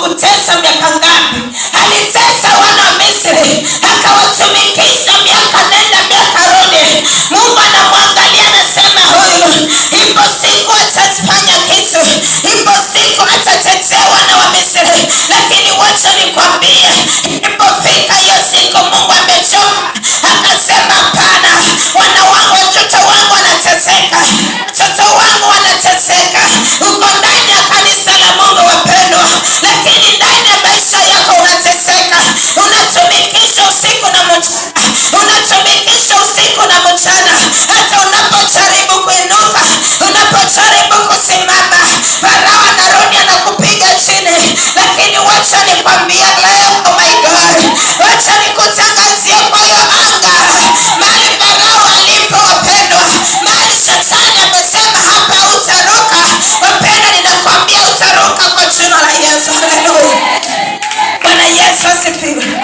kutesa miaka ngapi? Alitesa wana wa Misri, akawatumikisha miaka nenda miaka rudi. Mungu anamwangalia anasema, huyu ipo siku atafanya kitu, ipo siku atatetea wana wa Misri. Lakini wacha nikwambie se